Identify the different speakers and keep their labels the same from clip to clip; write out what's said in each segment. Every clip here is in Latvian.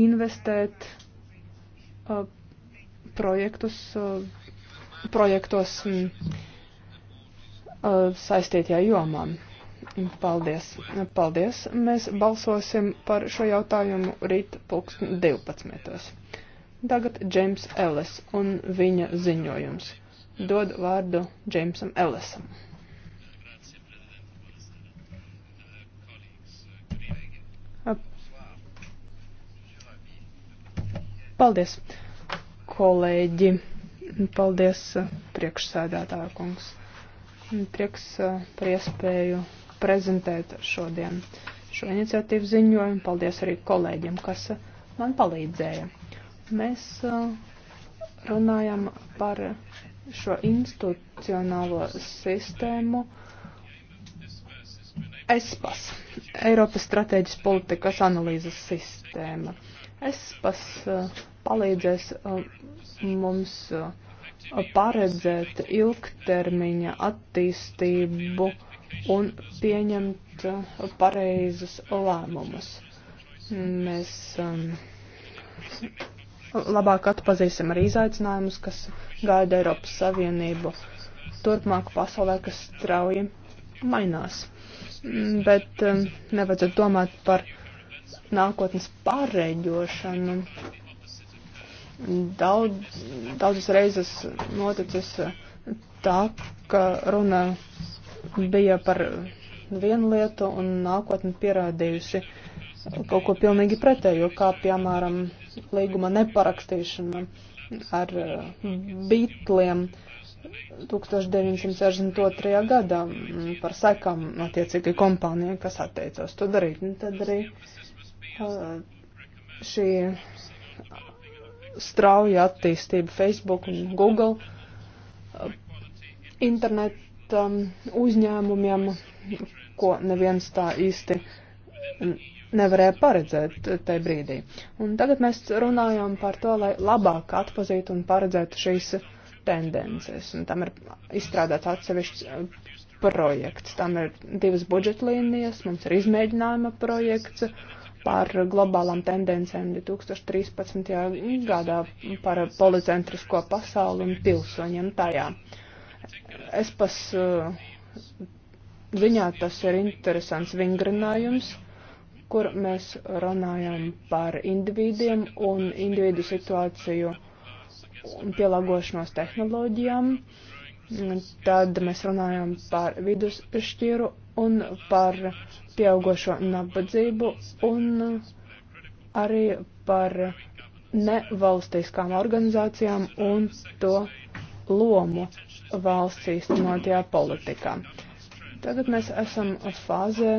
Speaker 1: investēt uh, projektus, uh, projektos mm, uh, saistītajā jomā. Paldies. Paldies. Mēs balsosim par šo jautājumu rīt pulksten 12. Tagad Džeims Ellis un viņa ziņojums. Dod vārdu Džeimsam Ellisam. Paldies, kolēģi. Paldies, priekšsēdētāja kungs. Prieks eh, par iespēju prezentēt šodien šo iniciatīvu ziņojumu. Paldies arī kolēģiem, kas eh, man palīdzēja. Mēs eh, runājam par šo institucionālo sistēmu ESPAS, Eiropas strateģis politikas analīzes sistēma. ESPAS uh, palīdzēs uh, mums uh, paredzēt ilgtermiņa attīstību un pieņemt pareizus lēmumus. Mēs um, labāk atpazīsim arī izaicinājumus, kas gaida Eiropas Savienību turpmāk pasaulē, kas strauji mainās. Mm, bet um, nevajadzētu domāt par nākotnes pārreģošanu. Daudz, daudzas reizes noticis tā, ka runa bija par vienu lietu un nākotni pierādījusi kaut ko pilnīgi pretējo, kā piemēram līguma neparakstīšana ar uh, Beatliem 1962. gadā par sekām attiecīgi kompānijai, kas atteicās to darīt. Un tad arī uh, šī strauja attīstība Facebook un Google internetam uzņēmumiem, ko neviens tā īsti nevarēja paredzēt tajā brīdī. Un tagad mēs runājam par to, lai labāk atpazītu un paredzētu šīs tendences. Un tam ir izstrādāts atsevišķs projekts. Tam ir divas budžetlīnijas, mums ir izmēģinājuma projekts. Uh, par globālām tendencēm 2013. gadā par policentrisko pasauli un pilsoņiem tajā. Espas ziņā eh, tas ir interesants vingrinājums, kur mēs runājam par individiem un individu situāciju un pielāgošanos tehnoloģijām. Tad mēs runājam par vidusšķiru un par pieaugošo nabadzību un arī par nevalstiskām organizācijām un to lomu valsts īstenotajā politikā. Tagad mēs esam fāzē,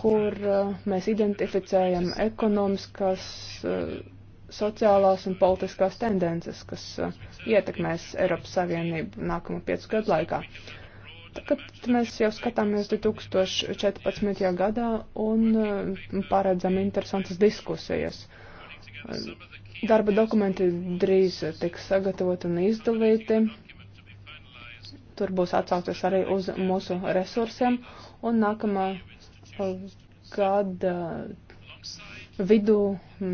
Speaker 1: kur uh, mēs identificējam ekonomiskās, uh, sociālās un politiskās tendences, kas uh, ietekmēs Eiropas Savienību nākamo piecu gadu laikā. Tagad mēs jau skatāmies 2014. gadā un eh, paredzam interesantas diskusijas. Eh, darba dokumenti drīz tiks sagatavoti un izdalīti. Tur būs atsaucies arī uz mūsu resursiem un nākamā eh, gada vidū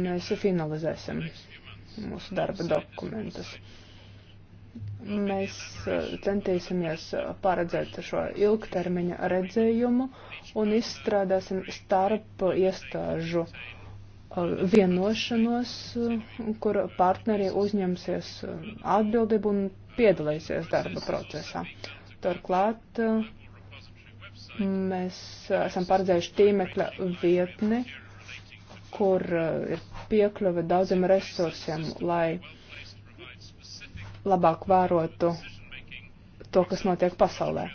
Speaker 1: mēs finalizēsim mūsu darba dokumentus. Mēs eh, centīsimies eh, paredzēt šo ilgtermiņa redzējumu un izstrādāsim starp iestāžu eh, vienošanos, kur partneri uzņemsies atbildību un piedalīsies darba procesā. Turklāt mēs esam paredzējuši tīmekļa vietni, kur ir piekļuve daudziem resursiem, lai labāk vērotu to, kas notiek pasaulē.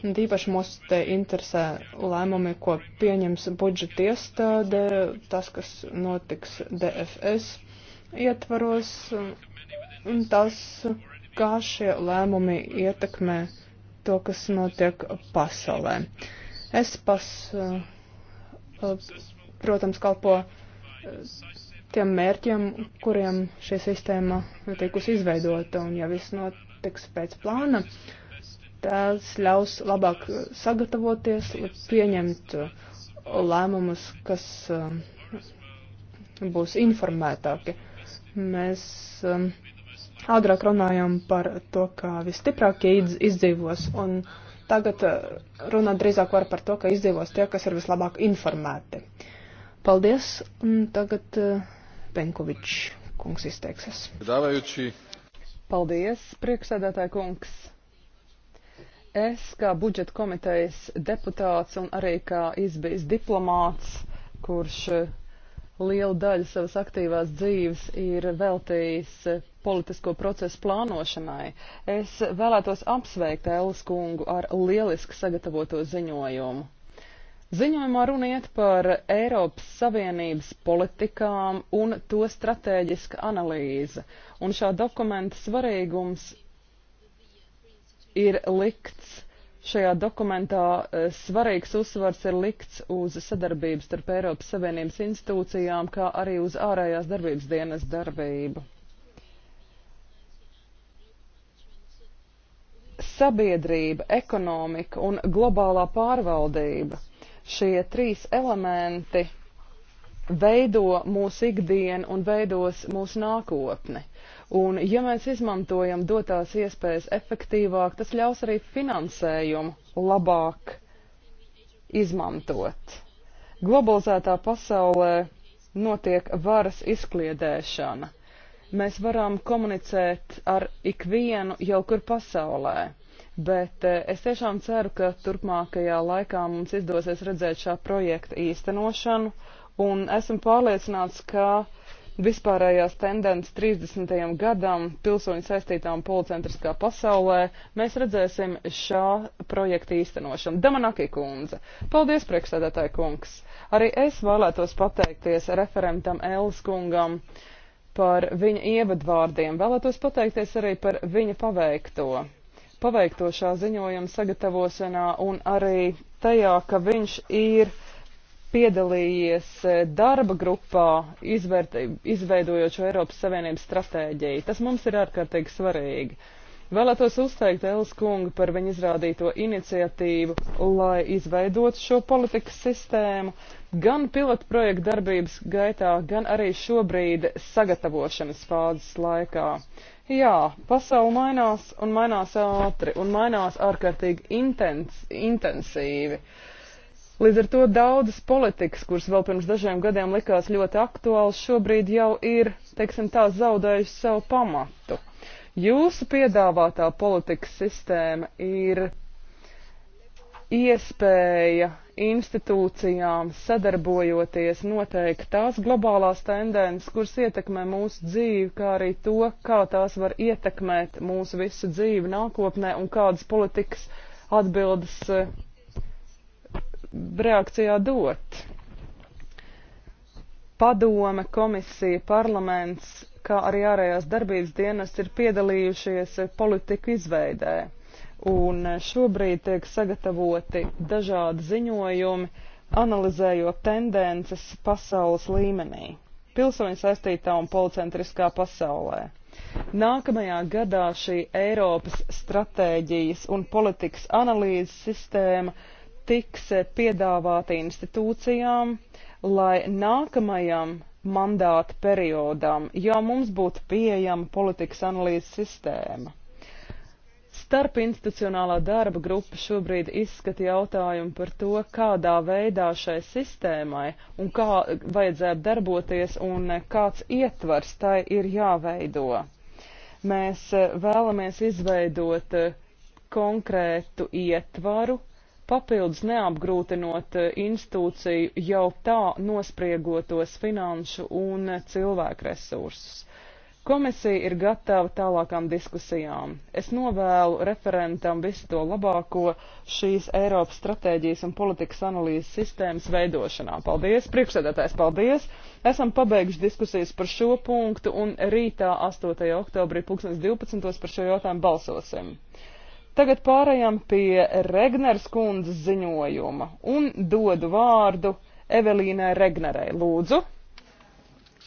Speaker 1: Un tīpaši mūs te interesē lēmumi, ko pieņems budžeta iestāde, tas, kas notiks DFS ietvaros, un tas, kā šie lēmumi ietekmē to, kas notiek pasaulē. Es pas, eh, protams, kalpo tiem mērķiem, kuriem šī sistēma tikusi izveidota. Un ja viss notiks pēc plāna, tas ļaus labāk sagatavoties, pieņemt lēmumus, kas uh, būs informētāki. Mēs agrāk um, runājām par to, ka visstiprākie izdzīvos, un tagad uh, runāt drīzāk var par to, ka izdzīvos tie, kas ir vislabāk informēti. Paldies, un tagad. Uh, Penkovičs kungs izteiksies.
Speaker 2: Dāvējuši. Paldies, priekšsēdētāja kungs. Es kā budžeta komitejas deputāts un arī kā izbijis diplomāts, kurš lielu daļu savas aktīvās dzīves ir veltījis politisko procesu plānošanai. Es vēlētos apsveikt Ellis kungu ar lieliski sagatavoto ziņojumu. Ziņojumā runa iet par Eiropas Savienības politikām un to stratēģiska analīze, un šā dokumenta svarīgums ir likts. Šajā dokumentā eh, svarīgs uzsvars ir likts uz sadarbību starp Eiropas Savienības institūcijām, kā arī uz ārējās darbības dienas darbību. Sabiedrība, ekonomika un globālā pārvaldība Šie trīs elementi veido mūsu ikdienu un veidos mūsu nākotni. Un, ja mēs izmantojam dotās iespējas efektīvāk, tas ļaus arī finansējumu labāk izmantot. Globalizētā pasaulē notiek varas izkliedēšana. Mēs varam komunicēt ar ikvienu jau kur pasaulē bet eh, es tiešām ceru, ka turpmākajā laikā mums izdosies redzēt šā projekta īstenošanu, un esmu pārliecināts, ka vispārējās tendences 30. gadam pilsoņu saistītām policentriskā pasaulē mēs redzēsim šā projekta īstenošanu. Damanaki kundze, paldies priekšsēdētāji kungs. Arī es vēlētos pateikties referentam Ellis kungam par viņa ievadvārdiem, vēlētos pateikties arī par viņa paveikto paveikto šā ziņojuma sagatavošanā un arī tajā, ka viņš ir piedalījies e, darba grupā, izvērt, izveidojot šo Eiropas Savienības stratēģiju. Tas mums ir ārkārtīgi svarīgi. Vēlētos uzteikt Elis kungu par viņu izrādīto iniciatīvu, lai izveidotu šo politikas sistēmu, gan pilotu projektu darbības gaitā, gan arī šobrīd sagatavošanas fāzes laikā. Jā, pasaule mainās un mainās ātri un mainās ārkārtīgi intens, intensīvi. Līdz ar to daudzas politikas, kuras vēl pirms dažiem gadiem likās ļoti aktuāls, šobrīd jau ir, teiksim tā, zaudējusi savu pamatu. Jūsu piedāvātā politikas sistēma ir iespēja institūcijām sadarbojoties noteikt tās globālās tendences, kuras ietekmē mūsu dzīvi, kā arī to, kā tās var ietekmēt mūsu visu dzīvi nākotnē un kādas politikas atbildes eh, reakcijā dot. Padome, komisija, parlaments, kā arī ārējās darbības dienas ir piedalījušies eh, politiku izveidē un eh, šobrīd tiek sagatavoti dažādi ziņojumi, analizējot tendences pasaules līmenī, pilsoņu saistītā un policentriskā pasaulē. Nākamajā gadā šī Eiropas stratēģijas un politikas analīzes sistēma tiks eh, piedāvāta institūcijām, lai nākamajam mandāta periodam jau mums būtu pieejama politikas analīzes sistēma. Starpinstitucionālā darba grupa šobrīd izskata jautājumu par to, kādā veidā šai sistēmai un kā vajadzētu darboties un kāds ietvars tai ir jāveido. Mēs eh, vēlamies izveidot eh, konkrētu ietvaru, papildus neapgrūtinot eh, institūciju jau tā nospriegotos finanšu un cilvēku resursus. Komisija ir gatava tālākām diskusijām. Es novēlu referentam visu to labāko šīs Eiropas stratēģijas un politikas analīzes sistēmas veidošanā. Paldies, priekšsēdētājs, paldies! Esam pabeiguši diskusijas par šo punktu un rītā 8. oktobrī 2012. par šo jautājumu balsosim. Tagad pārējām pie Regners kundzes ziņojuma un dodu vārdu Evelīnai Regnerai. Lūdzu!